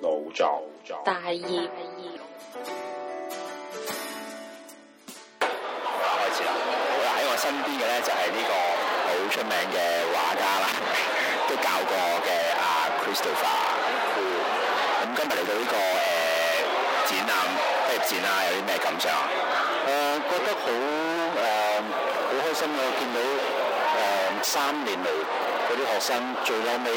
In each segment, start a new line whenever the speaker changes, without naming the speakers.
.腦作，大業，大業。好啦，開始啦！喺我身邊嘅咧就係呢個好出名嘅畫家啦， 都教過我嘅阿 Christopher。咁今日嚟到呢個誒展覽，畢業展啊，有啲咩感想啊？誒、呃，覺得好誒，好、呃、開心我見到誒、呃、三年嚟嗰啲學生最，最後尾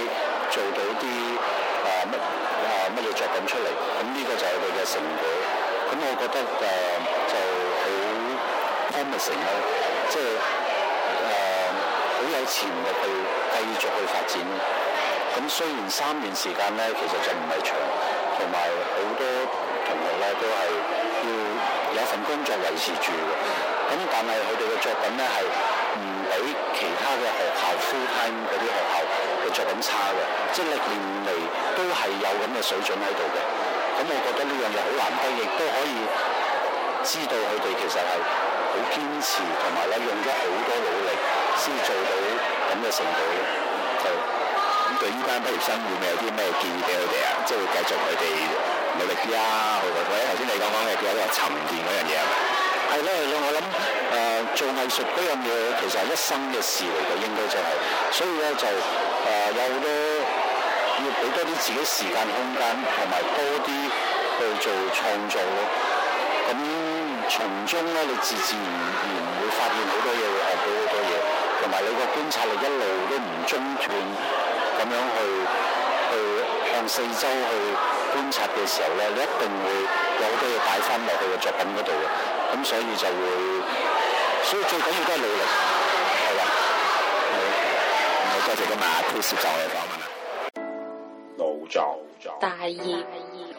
做到啲。啊乜啊乜嘢作品出嚟？咁呢個就係佢嘅成果。咁我覺得誒、呃、就好 promising 咯，即係誒好有潛力去繼續去發展。咁雖然三年時間咧，其實就唔係長，同埋好多同學咧都係要有份工作維持住嘅。咁但係佢哋嘅作品咧係。喺其他嘅學校 full time 嗰啲學校嘅作品差嘅，即係歷年嚟都係有咁嘅水準喺度嘅。咁我覺得呢樣嘢好難得，亦都可以知道佢哋其實係好堅持，同埋咧用咗好多努力先做到咁嘅成果。咁對呢班畢業生會唔會有啲咩建議俾佢哋啊？即係會繼續佢哋努力啲啊？或者頭先你講講嘅叫做沉澱嗰樣嘢係係咯，係咧，我諗誒、呃、做藝術嗰樣嘢，其實係一生嘅事嚟嘅，應該就係、是，所以咧就誒、呃、有好多要俾多啲自己時間空間同埋多啲去做創造咯。咁從中咧，你自自然然會發現好多嘢，會學到好多嘢，同埋你個觀察力一路都唔中斷咁樣去去。四周去觀察嘅時候咧，你一定會有好多嘢帶翻落去嘅作品嗰度嘅，咁所以就會，所以最緊要都係努力，係啦，謝謝義好，唔該，多謝今日阿 Kiss 就嚟講問啦，腦作作，大業大業。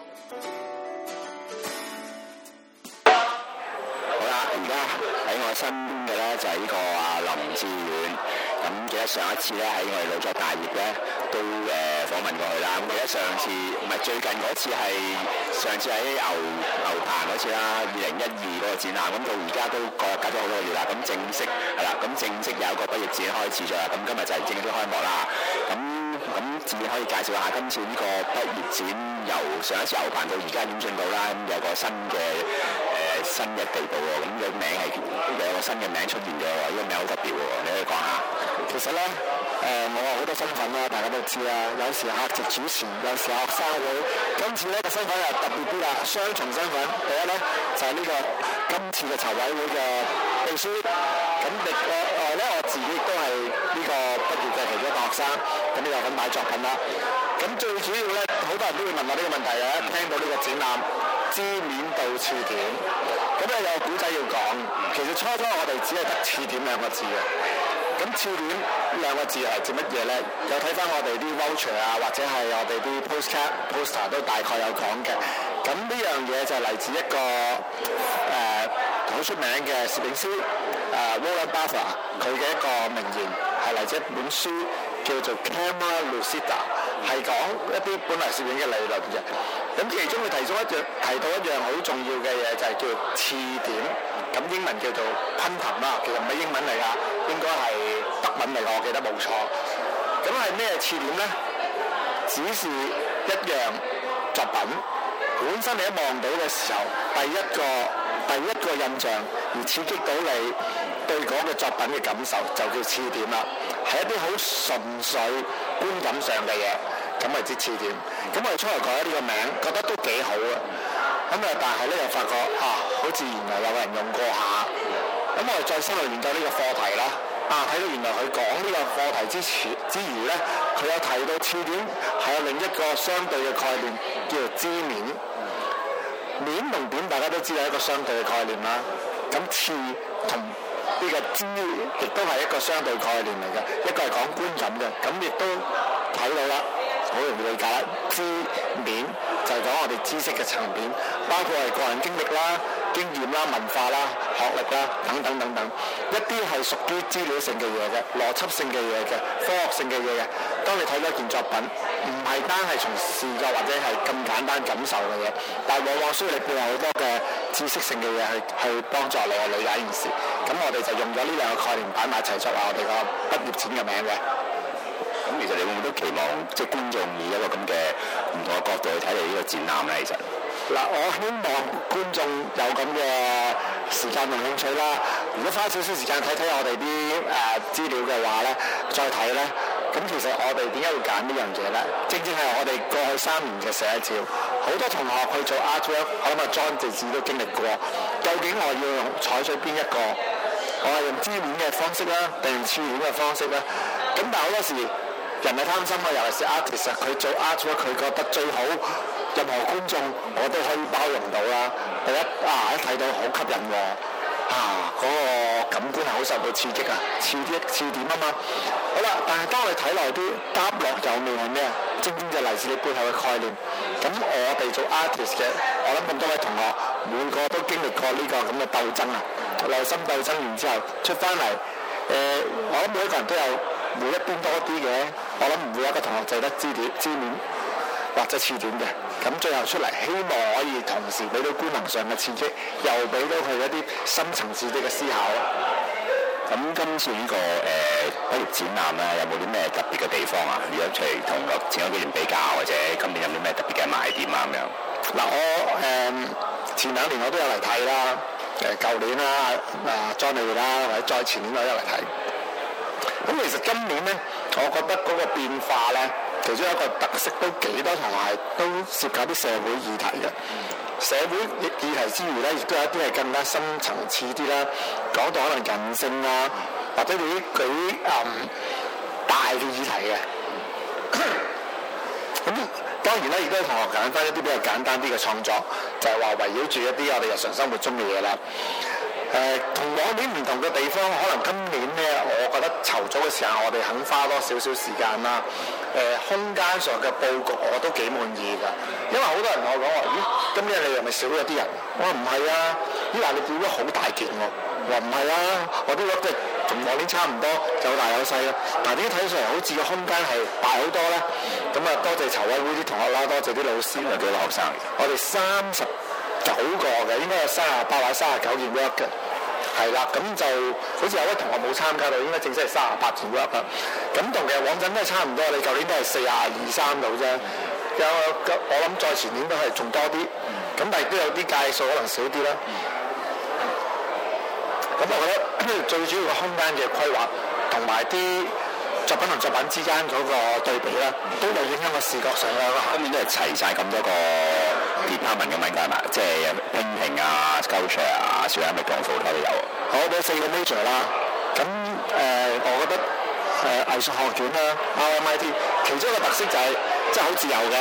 好啦，而家喺我身邊嘅咧就係呢個啊林志遠，咁記得上一次咧喺我哋腦作大業咧。都誒訪問過佢啦，咁而家上次唔係最近嗰次，係上次喺牛牛棚嗰次啦，二零一二嗰個展覽，咁到而家都隔隔咗好多個月啦，咁正式係啦，咁正式有一個畢業展開始咗啦，咁今日就係正式開幕啦。咁咁，先可以介紹下今次呢個畢業展由上一次牛棚到而家點進度啦，咁有一個新嘅誒新嘅地步喎，咁個名係有個新嘅名出現嘅喎，呢個名好特別喎，你可以講下。其實咧。誒、嗯，我好多身份啦、啊，大家都知啊。有時客席主持，有時學生會。今次呢個身份又特別啲啦，雙重身份。第一咧就係、是、呢、這個今次嘅籌委會嘅秘書。咁另外咧，我自己都係呢個畢業嘅其中一個學生，咁呢有份買作品啦。咁最主要咧，好多人都會問我呢個問題啊，一聽到呢個展覽，知面到刺點，咁啊有古仔要講。其實初初我哋只係得刺點兩個字嘅。咁刺點呢兩個字係指乜嘢咧？有睇返我哋啲 voucher 啊，或者係我哋啲 postcard、poster 都大概有講嘅。咁呢樣嘢就嚟自一個誒好、呃、出名嘅攝影師誒 Roland Barthes，佢嘅一個名言係嚟自一本書叫做 Camera Lucida，係講一啲本來攝影嘅理論嘅。咁其中佢提出一樣提到一樣好重要嘅嘢，就係、是、叫做「刺點」，咁英文叫做 punctum 啦，其實唔係英文嚟啊。應該係特品味，我記得冇錯。咁係咩刺點呢？只是一樣作品，本身你一望到嘅時候，第一個第一個印象而刺激到你對嗰個作品嘅感受，就叫刺點啦。係一啲好純粹觀感上嘅嘢，咁咪即係刺點。咁我哋出嚟改咗呢個名，覺得都幾好啊。咁啊，但係呢，又發覺啊，好似原來有人用過下。咁我哋再深入研究呢個課題啦，啊，睇到原來佢講呢個課題之前之餘呢，佢有提到刺點係有另一個相對嘅概念，叫做知面。嗯、面同點大家都知道係一個相對嘅概念啦。咁刺同呢個知亦都係一個相對概念嚟嘅。一個係講觀感嘅，咁亦都睇到啦，好容易理解。知面就係、是、講我哋知識嘅層面，包括係個人經歷啦。經驗啦、文化啦、學歷啦等等等等，一啲係屬於資料性嘅嘢嘅、邏輯性嘅嘢嘅、科學性嘅嘢嘅。當你睇到一件作品，唔係單係從視覺或者係咁簡單感受嘅嘢，但往往需要你配合好多嘅知識性嘅嘢，去去幫助你去理解件事。咁我哋就用咗呢兩個概念擺埋一齊作為我哋個畢業展嘅名嘅。咁其實你會唔會都期望即係、就是、觀眾以一個咁嘅唔同嘅角度去睇你呢個展覽咧？其實？嗱，我希望觀眾有咁嘅時間同興趣啦。如果花少少時間睇睇我哋啲誒資料嘅話咧，再睇咧，咁其實我哋點解會揀呢樣嘢咧？正正係我哋過去三年嘅寫照。好多同學去做 artwork，我諗阿莊同事都經歷過。究竟我要用採取邊一個？我、啊、係用知面嘅方式啦，定用刺點嘅方式咧？咁但好多時人係貪心啊，尤其是 artist，佢做 artwork 佢覺得最好。任何觀眾，我都可以包容到啦。第一，哇、啊！一睇到好吸引喎，嚇、啊、嗰、那個感官係好受到刺激啊，刺激刺點啊嘛。好啦，但係當你睇落啲，搭落有味係咩？正正就嚟自你背後嘅概念。咁我哋做 artist 咁最後出嚟，希望可以同時俾到官能上嘅刺激，又俾到佢一啲深層次啲嘅思考。咁今次呢個誒畢業展覽咧，有冇啲咩特別嘅地方啊？如果除同前嗰幾年比較，或者今年有啲咩特別嘅賣點啊？咁樣嗱，我誒前兩年我都有嚟睇啦，誒舊年啦，啊再嚟啦，或者再前年我都有嚟睇。咁其實今年咧，我覺得嗰個變化咧。其中一個特色都幾多同學係都涉及啲社會議題嘅，社會議題之餘咧，亦都有一啲係更加深層次啲啦，講到可能人性啊，或者啲佢誒大嘅議題嘅、啊。咁 當然咧，亦都有同學揀翻一啲比較簡單啲嘅創作，就係、是、話圍繞住一啲我哋日常生活中嘅嘢啦。誒、呃、同往年唔同嘅地方，可能今年咧，我覺得籌組嘅時候我哋肯花多少少時間啦。誒、呃、空間上嘅佈局我都幾滿意㗎，因為好多人同我講話，咦，今年你又咪少咗啲人？我話唔係啊，咦？嗱，你變咗好大件喎，話唔係啊？我啲 work 即係同往年差唔多，就大有細咯、啊。但點解睇上嚟好似個空間係大好多咧？咁啊，多謝籌委會啲同學啦，多謝啲老師同幾多學生。嗯、我哋三十九個嘅，應該有三十八位、三十九件 work 嘅。係啦，咁就好似有啲同學冇參加到，應該正式係三十八件 work 啊。咁同其實往陣都係差唔多，你舊年都係四廿二三度啫。Mm hmm. 有我諗再前年都係仲多啲，咁、mm hmm. 但係都有啲計數可能少啲啦。咁、mm hmm. 我覺得最主要個空間嘅規劃同埋啲作品同作品之間嗰個對比啦，mm hmm. 都係影響個視覺上嘅。今年都係齊晒咁多個。其他文嘅名係咪？即係拼拼啊、sculpture 啊、少啲咩元素，佢都有。好，咁四個 major 啦。咁誒，我覺得誒藝術學院咧，RMIT，其中一個特色就係真係好自由嘅。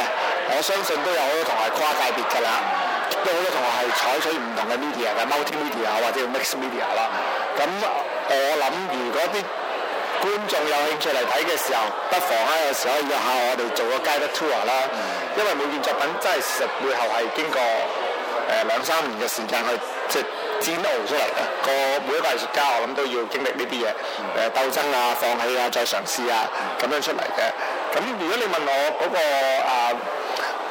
我相信都有好多同學跨界別㗎啦。都好多同學係採取唔同嘅 media 嘅 multi media 或者 mix media 啦。咁我諗，如果啲觀眾有興趣嚟睇嘅時候，不妨喺個時候約下我哋做個 guided tour 啦。因為每件作品真係實背後係經過誒兩三年嘅時間去即係煎熬出嚟嘅。個每一個藝術家我諗都要經歷呢啲嘢，誒鬥爭啊、放棄啊、再嘗試啊，咁樣出嚟嘅。咁如果你問我嗰個誒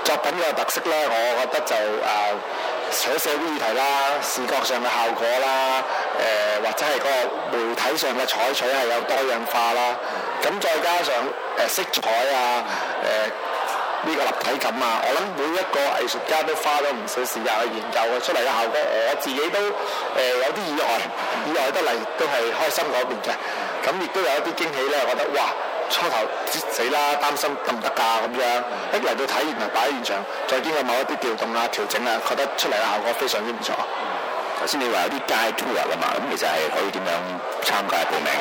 作品嘅特色咧，我覺得就誒。所涉及嘅議題啦，視覺上嘅效果啦，誒、呃、或者係個媒體上嘅採取係有多樣化啦，咁再加上誒、呃、色彩啊，誒、呃、呢、這個立體感啊，我諗每一個藝術家都花咗唔少時間去研究嘅出嚟嘅效果，我自己都誒、呃、有啲意外，意外得嚟都係開心嗰邊嘅，咁亦都有一啲驚喜咧，我覺得哇！初頭死啦，擔心得唔得㗎咁樣，一嚟到體驗咪擺喺現場，再經過某一啲調動啊、調整啊，覺得出嚟嘅效果非常之唔錯。頭先你話有啲街 tour 㗎嘛，咁其實係可以點樣參加報名？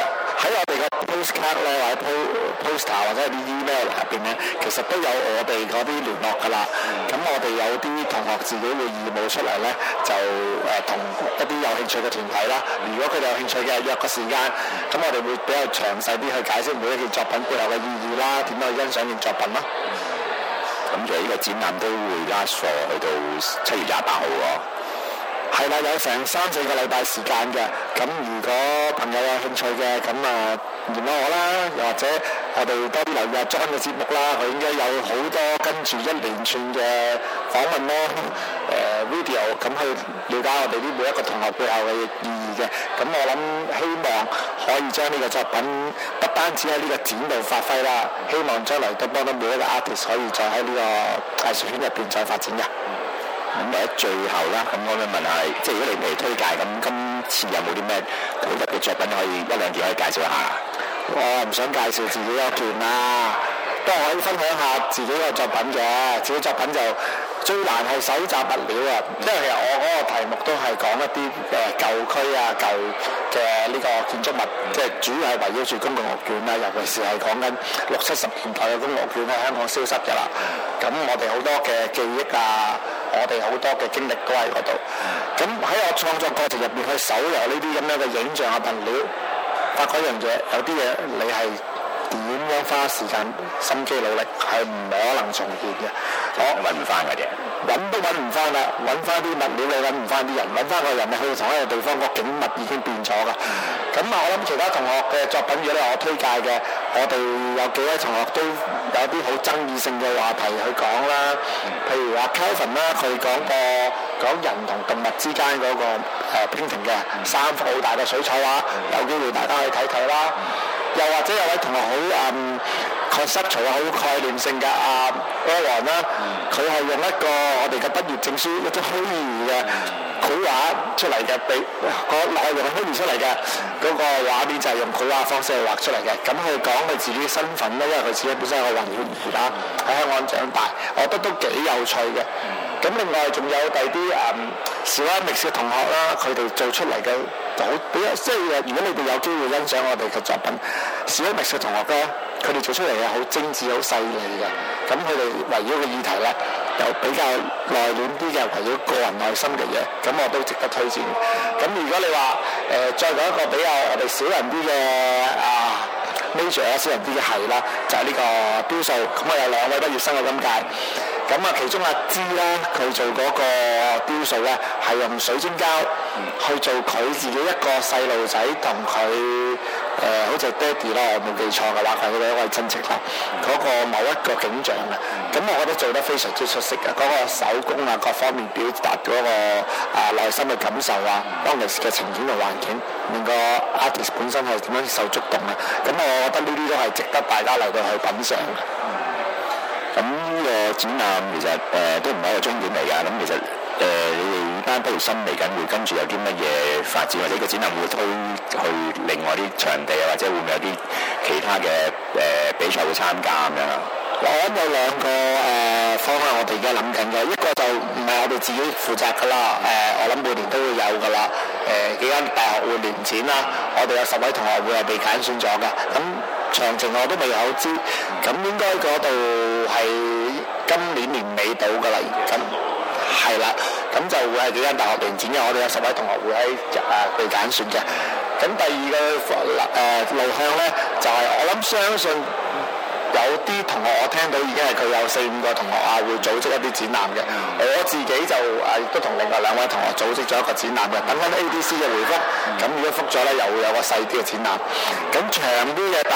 喺我哋個 postcard 咧，或者 post poster 或者啲 email 入邊咧，其實都有我哋嗰啲聯絡噶啦。咁我哋有啲同學自己會義務出嚟咧，就誒同一啲有興趣嘅團體啦。如果佢哋有興趣嘅，約個時間，咁我哋會比較詳細啲去解釋每一件作品背後嘅意義啦，點樣去欣賞呢件作品啦。咁除咗呢個展覽都會 last for 去到七月廿八號喎。係啦，有成三四個禮拜時間嘅。咁如果朋友有興趣嘅，咁啊聯絡我啦，又或者我哋多啲留意入作品嘅節目啦。佢應該有好多跟住一連串嘅訪問咯、呃，video 咁去了解我哋啲每一個同學背後嘅意義嘅。咁我諗希望可以將呢個作品不單止喺呢個展度發揮啦。希望將來都幫到每一個 artist 可以再喺呢個藝術圈入邊再發展嘅。咁嚟到最後啦，咁我咪問下，即係如果你未推介，咁今次有冇啲咩好特別作品可以一兩件可以介紹一下？我、呃、唔想介紹自己作品啦，都可以分享下自己嘅作品嘅，自己作品就～最難係搜集物料啊！因為其實我嗰個題目都係講一啲誒舊區啊、舊嘅呢個建築物，即係主要係圍繞住公共屋苑啦，尤其是係講緊六七十年代嘅公共屋苑喺香港消失嘅啦。咁我哋好多嘅記憶啊，我哋好多嘅經歷都喺嗰度。咁喺我創作過程入邊去搜集呢啲咁樣嘅影像啊、物料，發覺一樣嘢，有啲嘢你係，點樣花時間、心機、努力係唔可能重建嘅。我揾唔翻嘅嘢，揾都揾唔翻啦，揾翻啲物料你揾唔翻啲人，揾翻個人咧，去到同一個地方嗰景物已經變咗噶。咁啊、嗯，我諗其他同學嘅作品，如果我推介嘅，我哋有幾位同學都有啲好爭議性嘅話題去講啦。譬如話 Kevin 啦，佢講過講人同動物之間嗰、那個誒平衡嘅三幅好大嘅水彩畫，嗯、有機會大家去睇睇啦。嗯嗯又或者有位同學好 concept 除又好概念性嘅阿 Aaron 啦，佢、啊、係、啊、用一個我哋嘅畢業證書一張好虛擬嘅繪畫出嚟嘅，比、啊、虛個內容係虛擬出嚟嘅嗰個畫面就係用繪畫方式畫、啊、去畫出嚟嘅。咁佢講佢自己身份咧、啊，因為佢自己本身係個華僑啦，喺、嗯、香港長大，我覺得都幾有趣嘅。咁另外仲有第啲誒小一、六小同學啦，佢哋做出嚟嘅就好比較即係。如果你哋有機會欣賞我哋嘅作品，小一、六小同學咧，佢哋做出嚟嘅好精緻、好細膩嘅。咁佢哋圍繞個議題咧，又比較內斂啲嘅，圍繞個人內心嘅嘢。咁我都值得推薦。咁如果你話誒、呃、再講一個比較我哋少人啲嘅啊 major 啊少人啲嘅係啦，就係、是、呢、這個雕塑。咁我有兩位畢業生嘅金界。咁啊，其中阿芝咧，佢做嗰個雕塑咧，係用水晶膠去做佢自己一個細路仔同佢誒，好似爹哋啦，我冇記錯嘅話，佢嘅一位親戚啦，嗰個某一個景象嘅。咁我覺得做得非常之出色嘅，嗰個手工啊，各方面表達嗰個啊內心嘅感受啊，當時嘅情景同環境，令個 artist 本身係點樣受觸動啊？咁我覺得呢啲都係值得大家嚟到去品嚐嘅。咁。個展覽其實誒都唔係一個終點嚟噶，咁其實誒你哋班畢業生，嚟緊，會跟住有啲乜嘢發展？或者個展覽會推去另外啲場地啊，或者會唔會有啲其他嘅誒比賽會參加咁樣啊？我諗有兩個誒方案，我哋而家諗緊嘅，一個就唔係我哋自己負責噶啦，誒我諗每年都會有噶啦，誒幾間大學會聯展啦，我哋有十位同學會係被揀選咗㗎，咁詳情我都未有知，咁應該嗰度係。今年年尾到噶啦，咁係啦，咁就會係幾間大學聯展嘅，我哋有十位同學會喺啊去揀選嘅。咁、呃、第二個嗱、呃、路向呢，就係、是、我諗相信有啲同學我聽到已經係佢有四五個同學啊會組織一啲展覽嘅。我自己就誒、啊、都同另外兩位同學組織咗一個展覽嘅。等緊 ADC 嘅回覆，咁如果覆咗呢，又會有個細啲嘅展覽。咁長啲嘅大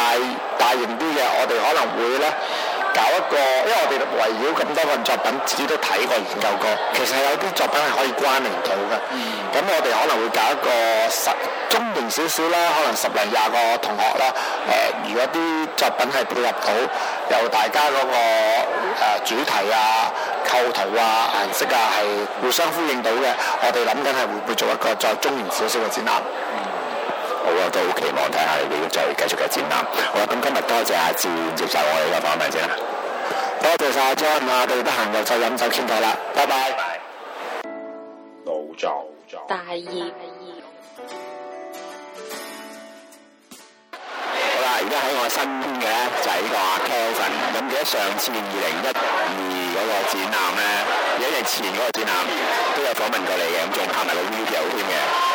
大型啲嘅，我哋可能會呢。搞一個，因為我哋圍繞咁多個作品，自己都睇過研究過，其實有啲作品係可以關聯到嘅。咁、嗯、我哋可能會搞一個十中型少少啦，可能十零廿個同學啦。誒、呃，如果啲作品係配合到，由大家嗰、那個、呃、主題啊、構圖啊、顏色啊係互相呼應到嘅，我哋諗緊係會唔會做一個再中型少少嘅展覽。好啊，都好期望睇下你哋要再繼續嘅展覽。好啦，咁今日多謝阿志接受我哋嘅訪問先啦。多謝曬阿 John 啊，我哋得閒又再飲酒先。再啦，拜拜。老莊，老大二燕，大二。好啦，而家喺我身邊嘅咧就係呢個阿 Kevin。咁記得上次二零一二嗰個展覽咧，有一日前嗰個展覽都有訪問過你嘅，咁仲拍埋個 video 添嘅。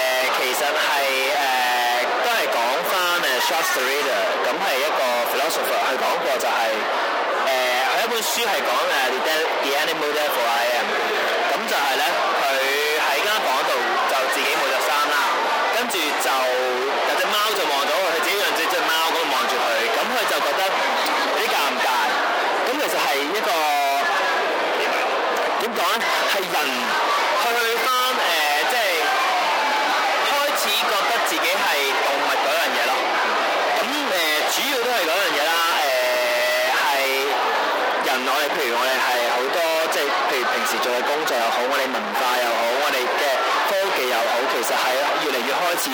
誒其實係誒都係講翻誒 Schopenhauer，咁係一個 philosopher，佢講過就係誒佢一本書係講誒 The Animal That Therefore I Am，咁就係咧佢喺間房度就自己冇著衫啦，跟住就有隻貓就望到佢，佢自己養隻隻貓嗰度望住佢，咁佢就覺得有啲尷尬。咁其實係一個點講咧？係人去翻誒。平時做嘅工作又好，我哋文化又好，我哋嘅科技又好，其實係越嚟越開始，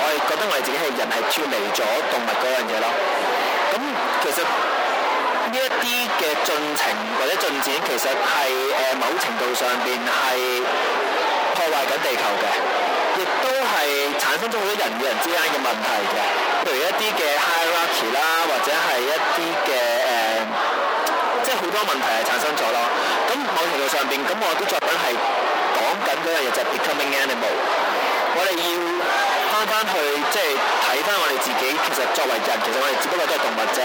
我哋覺得我哋自己係人係脫離咗動物嗰樣嘢咯。咁其實呢一啲嘅進程或者進展，其實係誒某程度上邊係破壞緊地球嘅，亦都係產生咗好多人與人之間嘅問題嘅，譬如一啲嘅 hierarchy 啦，或者係一啲嘅誒。呃好多問題係產生咗咯，咁某程度上邊，咁我啲作品係講緊樣嘢就係 becoming animal，我哋要翻翻去即係睇翻我哋自己，其實作為人，其實我哋只不過都係動物啫。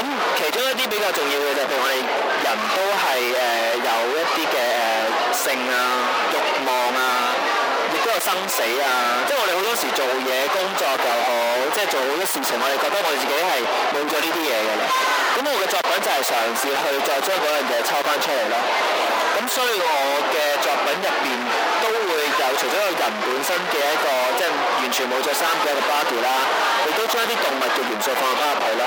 咁其中一啲比較重要嘅就係譬如我哋人都係誒有一啲嘅誒性啊、慾望啊，亦都有生死啊，即係我哋好多時做嘢、工作時候。即係做好多事情，我哋覺得我哋自己係冇咗呢啲嘢嘅啦。咁我嘅作品就係嘗試去再將嗰樣嘢抽翻出嚟啦。咁所以我嘅作品入邊都會有，除咗個人本身嘅一個即係完全冇著衫嘅一個 body 啦，亦都將一啲動物嘅元素放入翻入去啦。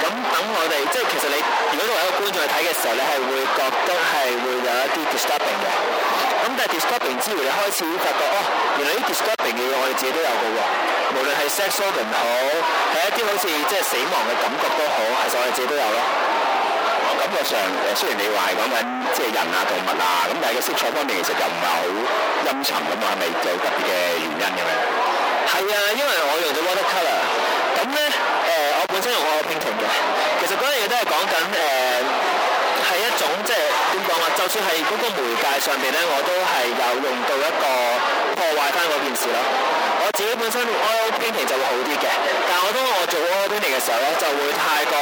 咁等我哋即係其實你，如果作為一個觀眾去睇嘅時候，你係會覺得係會有一啲 disturbing 嘅。咁但係 disturbing 之餘，你開始會發覺哦，原來啲 disturbing 嘅嘢我哋自己都有嘅喎。無論係 sex shopping 好，係一啲好似即係死亡嘅感覺都好，其實我自己都有咯。感覺上誒，雖然你話係講緊即係人啊動物啊，咁但係個色彩方面其實又唔係好陰沉咁啊？係咪有特別嘅原因嘅咩？係啊，因為我用咗 watercolor。咁咧誒，我本身用我嘅 painting 嘅。其實嗰樣嘢都係講緊誒係一種即係點講話，就算係嗰個媒介上邊咧，我都係有用到一個破壞翻嗰件事咯。我自己本身開 oil painting 就會好啲嘅，但係我當我做 oil painting 嘅時候咧，就會太過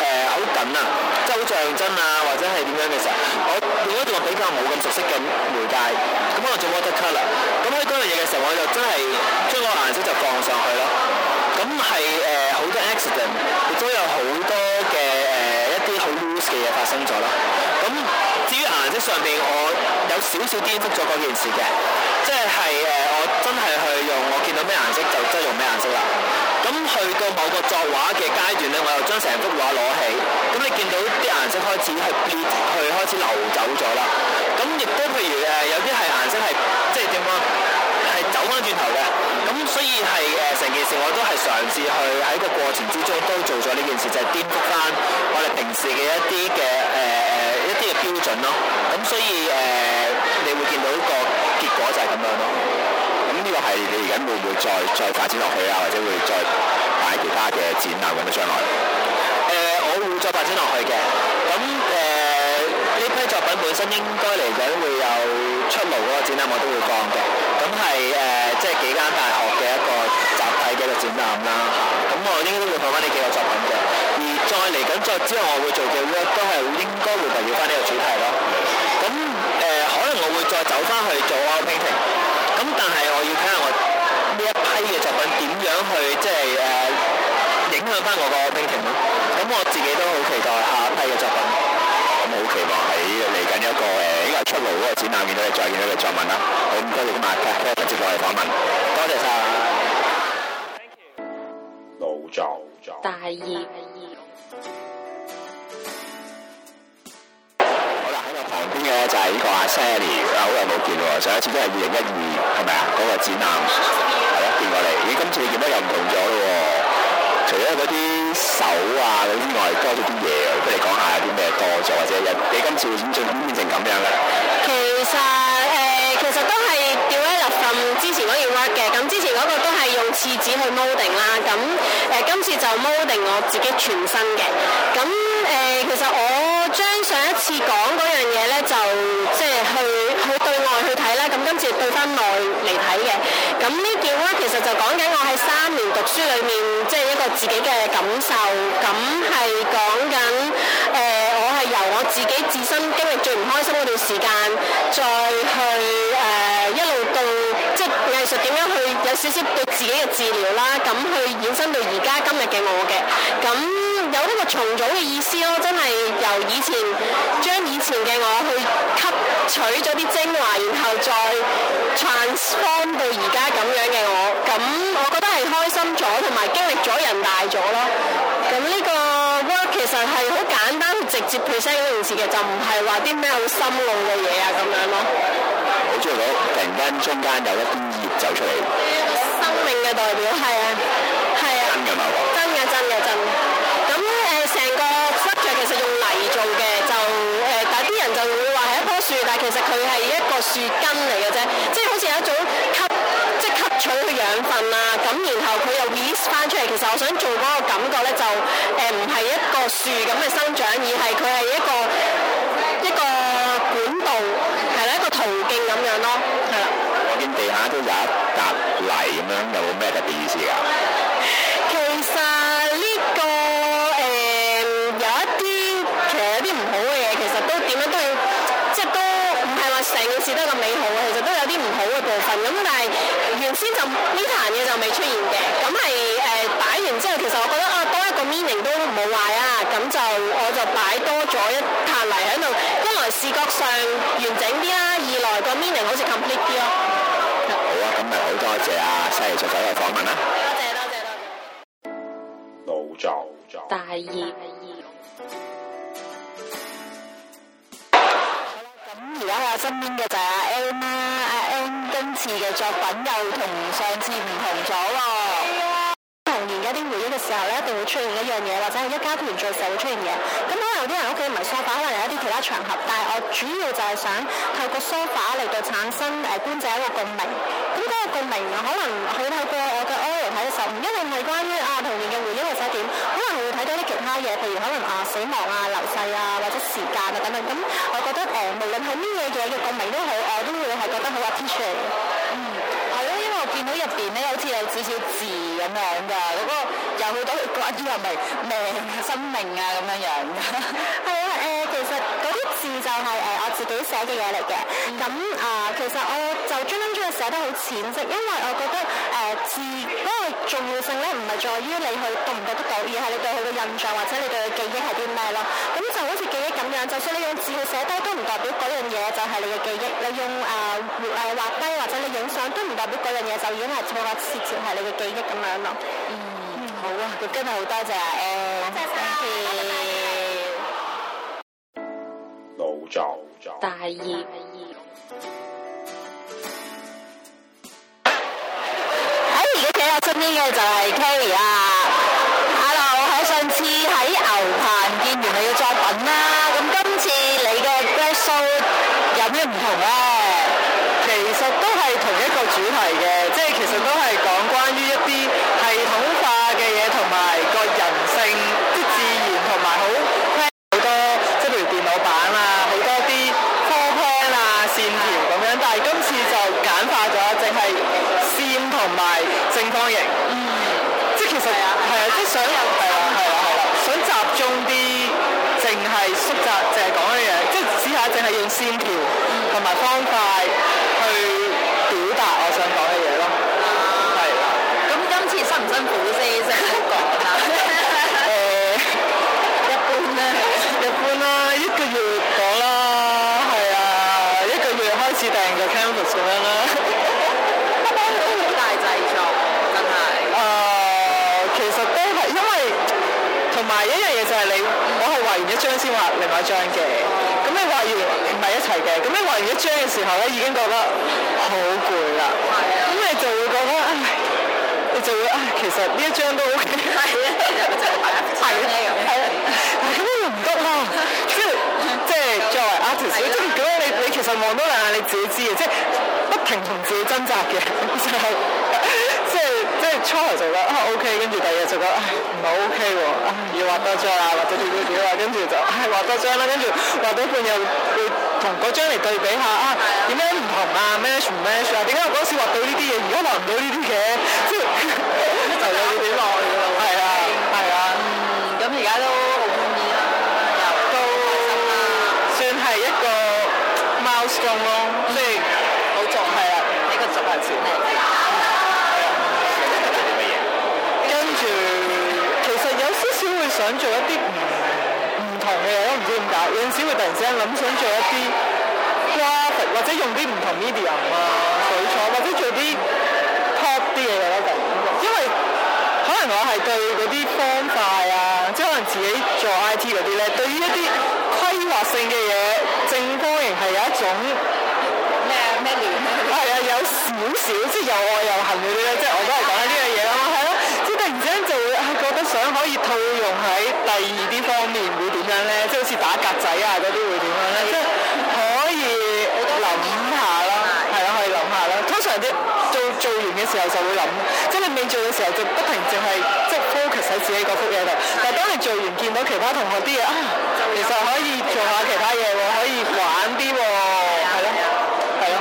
誒好、呃、緊啦、啊，即係好象真啊，或者係點樣嘅時候，我用一段比較冇咁熟悉嘅媒介。咁我做 watercolor，咁喺嗰樣嘢嘅時候，我就真係將個顏色就放上去咯。咁係誒好多 accident，亦都有好多嘅。佢 lose 嘅嘢發生咗啦，咁至於顏色上邊，我有少少顛覆咗嗰件事嘅，即係誒，我真係去用我見到咩顏色就真係用咩顏色啦。咁去到某個作畫嘅階段咧，我又將成幅畫攞起，咁你見到啲顏色開始係變，佢開始流走咗啦。咁亦都譬如誒，有啲係顏色係即係點講，係走翻轉頭嘅。所以係誒成件事我都係嘗試去喺個過程之中都做咗呢件事，就係顛覆翻我哋平時嘅一啲嘅誒誒一啲嘅標準咯。咁、嗯、所以誒、呃，你會見到個結果就係咁樣咯。咁呢個係你而家會唔會再再發展落去啊？或者會再擺其他嘅展覽咁樣上來？誒、呃，我會再發展落去嘅。咁、嗯、誒。呃作品本身應該嚟緊會有出爐嗰個展覽，我都會放嘅，咁係誒，即係幾間大學嘅一個集體嘅一個展覽啦。咁我應該都會放翻呢幾個作品嘅。而再嚟緊，再之後，我會做嘅咧都係應該會圍繞翻呢個主題咯。咁誒，可能我會再走翻去做個 painting。咁但係我要睇下我呢一批嘅作品點樣去即係誒影響翻我個 painting 咯。咁我自己都好期待下一批嘅作品。咁好、嗯、期望喺嚟緊一個誒呢個出爐嗰個展覽，見到你再見到,見到作文你再問啦。好唔該曬，多謝今日直接過嚟訪問，多謝晒！腦作大業好啦。喺我旁邊嘅咧就係呢個阿 Sally 好耐冇見喎，上一次都係二零一二係咪啊？嗰、嗰個展覽係咯見過你。咦今次你見得又唔同咗喎。除咗嗰啲手啊嗰之外多，多咗啲嘢，不如講下有啲咩多咗，或者有幾今次會點進展咁變成咁樣嘅。其實。其實都係吊喺入瞓之前嗰件 work 嘅，咁之前嗰個都係用廁紙去 molding 啦，咁誒今次就 molding 我自己全身嘅，咁誒其實我將上一次講嗰樣嘢咧，就即係去去對外去睇啦，咁今次對翻內嚟睇嘅，咁呢件 work 其實就講緊我喺三年讀書裏面，即係一個自己嘅感受，咁係講緊誒。由我自己自身經歷最唔開心嗰段時間，再去誒一路到即係藝術點樣去有少少對自己嘅治療啦，咁去衍生到而家今日嘅我嘅，咁有呢個重組嘅意思咯，真係由以前將以前嘅我去吸取咗啲精華，然後再 transform 到而家咁樣嘅我，咁我覺得係開心咗，同埋經歷咗人大咗咯，咁呢個 work 其實係好簡單。直接 present 嗰樣事嘅，就唔係話啲咩好深奧嘅嘢啊咁樣咯。好中意到突然間中間有一啲葉走出嚟。生命嘅代表，係啊，係啊，真嘅真嘅真嘅。咁誒，成、呃、個塑像其實用泥做嘅，就誒，但有啲人就會話係一棵樹，但係其實佢係一個樹根嚟嘅啫，即係好似有一種。佢嘅養分啊，咁然後佢又 release 翻出嚟。其實我想做嗰個感覺咧，就誒唔係一個樹咁嘅生長，而係佢係一個一個管道，係咯，一個途徑咁樣咯。係啦。我見地下都有一笪泥咁樣，有冇咩特別意思啊？其實呢個誒有一啲，其實有啲唔好嘅嘢，其實都點樣都係，即係都唔係話成件事都咁美好。咁但係原先就呢壇嘢就未出現嘅，咁係誒擺完之後，其實我覺得啊多一個 meaning 都冇壞啊，咁就我就擺多咗一壇泥喺度，一來視覺上完整啲啦，二來個 meaning 好似 complete 啲咯。好啊，咁咪好多謝啊細細仔嘅訪問啦。多謝多謝多謝。老就就。大二。我話身邊嘅就係阿 Emma，阿 Emma 今次嘅作品又同上次唔同咗喎。童年嗰啲回憶嘅時候咧，一定會出現一樣嘢，或者係一家團聚時候會出現嘢。咁可能有啲人屋企唔係梳化，可能有一啲其他場合，但係我主要就係想透過梳化嚟到產生誒觀者一個共鳴。咁嗰個共鳴啊，可能好透過我嘅 Eye 裏睇嘅時候，唔一定係關於啊童年嘅回憶或者點。多啲其他嘢，譬如可能啊死亡啊流逝啊或者時間啊等等，咁我覺得誒、呃，無論係咩嘢嘅入個名都好，我都會係覺得好有興趣。嗯，係咯，因為我見到入邊咧，好似有少少字。咁樣嘅嗰個又去到，以為唔係命、生命啊咁樣樣。係啊，誒，其實嗰啲字就係誒我自己寫嘅嘢嚟嘅。咁啊、嗯呃，其實我就專登將佢寫得好淺色，因為我覺得誒、呃、字嗰個重要性咧，唔係在於你去讀唔讀得到，而係你對佢嘅印象或者你對佢嘅記憶係啲咩咯。咁就好似記憶咁樣，就算你用字去寫低，都唔代表嗰樣嘢就係你嘅記憶。你用誒誒、呃呃、畫低或者你影相，都唔代表嗰樣嘢就已經係錯失掉係你嘅記憶咁樣。嗯，嗯，好啊，佢今日好多謝誒，多謝，多謝。老周、啊，老周、啊。大二鹽，大二、哎。喺而家企我身邊嘅就係 Kelly 啊。係用線條同埋方塊去表達我想講嘅嘢咯，係。咁今次辛唔辛苦先？先講下。誒，一般咧。一般啦，一個月講啦，係啊，一個月開始訂個 canvas 咁樣啦。都好大製作，真係。誒，其實都係因為同埋一樣嘢就係你，我係畫完一張先畫另外一張嘅。嘅，咁你畫完一張嘅時候咧，已經覺得好攰啦，係啊，咁你就會覺得，唉，你就會，唉，其實呢一張都好，係啊，係啊，係啊，係啊，但係咁又唔得啦，即係即係作為 artist，咁你你其實望多兩眼你自己知嘅，即係不停同自己掙扎嘅，就係初頭就覺得啊 OK，跟住第二日就覺得唉，唔係 OK 喎，唉、啊、要畫多張啊，或者點點點啊，跟住就唉畫多張啦，跟住畫到一半又會同嗰張嚟對比下啊，點解唔同啊，match 唔 match 啊？點解我嗰時畫到呢啲嘢，而家畫唔到呢啲嘅？即係。少會突然之間諗，想做一啲 graphic 或者用啲唔同 medium 啊，水彩或者做啲 top 啲嘢嘅咧，突然間，因為可能我係對啲方塊啊， 即係可能自己做 IT 啲咧，對於一啲規劃性嘅嘢，正方形係有一種咩咩連係啊，有少少即係又愛又恨嗰啲咧，即係我都係講緊呢樣嘢啦。 可以套用喺第二啲方面會點樣咧？即係好似打格仔啊啲會點樣咧？ 即係可以諗下啦，係啊可以諗下啦。通常啲做做完嘅時候就會諗，即係你未做嘅時候就不停淨係即係 focus 喺自己嗰幅嘢度。但係當你做完見到其他同學啲嘢啊，其實可以做下其他嘢可以玩啲喎，係咯，係咯，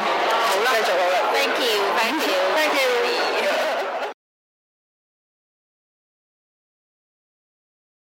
好了繼續。